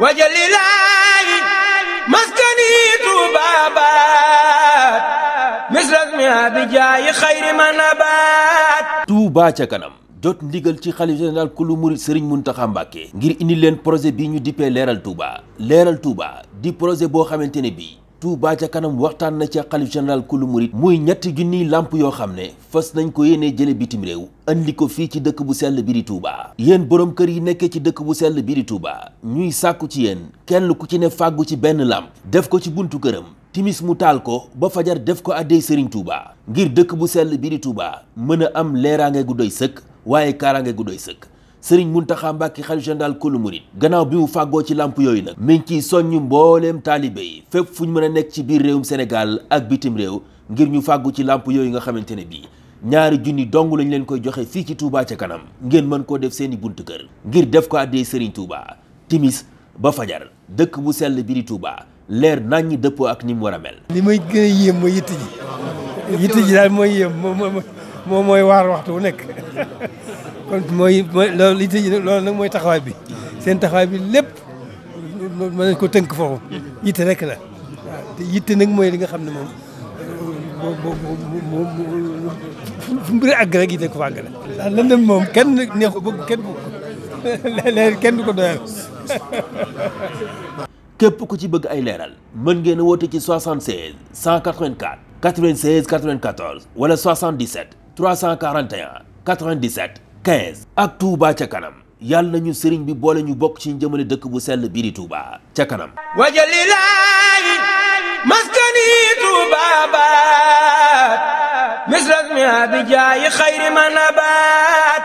wajalilaayi maskani tuubaabaat misrasmi abijaayi xayri manabaat Touba ca kanam jot ndigal ci xalif général kulu murid Serigne Mountakha Mbacké ngir indi leen projet bi ñu dippee leeral Touba leeral Touba di projet boo xamante ne bii Touba ca kanam waxtaan na ca xalif général kulu murit muy ñetti junniy làmp yoo xam ne fas nañ ko yéenee jële bitim réew andi ko fii ci dëkk bu sell bi di Touba yéen boroom kër yi nekkee ci dëkk bu sell bi di Touba ñuy sàkku ci yéen kenn ku ci ne fàggu ci benn làmp def ko ci buntu këram timis mu taal ko ba fajar def ko àddee Serigne Touba ngir dëkk bu sell bi di Touba mën a am leeraange gu doy sëkk waaye kaaraange gu doy sëkk sëriñ Muntaxa Mbàkke xalifa général kulu murit gannaaw bi mu fàggoo ci làmp yooyu nag mi ngi ciy soññ mbooleem taalibe yi fépp fu ñu mën a nekk ci biir réewum senegal ak bitim réew ngir ñu fàggu ci làmp yooyu nga xamante ne bii ñaari junni dong lañ leen koy joxe fii ci Touba ca kanam ngeen mën koo def seeni buntu kër ngir def ko àddee sëriñ Touba timis ba fajar dëkk bu sell bi di Touba leer nañ ñi dëppoo ak ni mu war a mel. li may gën a yéem mooy moom mooy waar waxtu wu nekk kon mooy loolu nag mooy taxawaay bi seen taxawaay bi lépp mën ko tënk foofu yitte rek la te yitte nag mooy li nga xam ne moom fu mbir àgg rek yitte ko fa àgg la ndax lëndëm moom kenn neex ko bëgg kenn bëgg ko leer kenn ko doyal képp ku ci bëgg ay leeral mën ngeen a woote ci 76 184 96 94 wala 77 341 97 15 ak Touba ca kanam yàlla nañu sëriñ bi boole ñu bokk ci jëmale dëkk bu sell bii di Touba ca kanam wajalilaayi maskani Touba baat misras mi abijaayi xayri manabaat